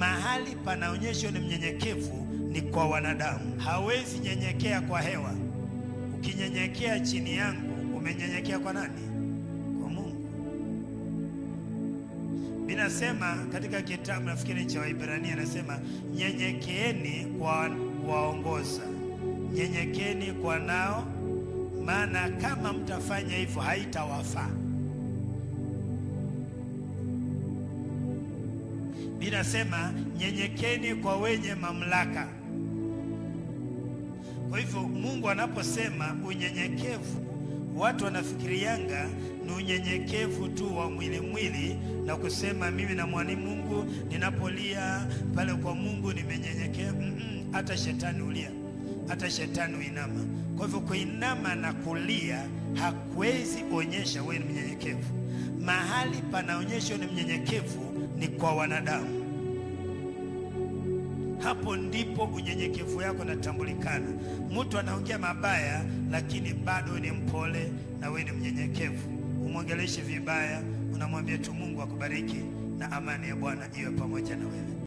mahali panaonyeshwa ni mnyenyekevu ni kwa wanadamu. Hawezi nyenyekea kwa hewa. Ukinyenyekea chini yangu, umenyenyekea kwa nani? Kwa Mungu. Binasema katika kitabu nafikiri cha Waibrania anasema, nyenyekeeni kwa waongoza, nyenyekeeni kwa nao, maana kama mtafanya hivyo haitawafaa. vinasema nyenyekeni kwa wenye mamlaka. Kwa hivyo Mungu anaposema unyenyekevu, watu wanafikirianga ni unyenyekevu tu wa mwili mwili, na kusema mimi na mwani Mungu, ninapolia pale kwa Mungu nimenyenyekea. Mm, hata shetani ulia, hata shetani uinama. Kwa hivyo kuinama na kulia hakuwezi kuonyesha wewe ni mnyenyekevu mahali panaonyesha ni mnyenyekevu ni kwa wanadamu. Hapo ndipo unyenyekevu yako unatambulikana. Mtu anaongea mabaya, lakini bado ni mpole na wewe ni mnyenyekevu. Umwongeleshe vibaya, unamwambia tu Mungu akubariki na amani ya Bwana iwe pamoja na wewe.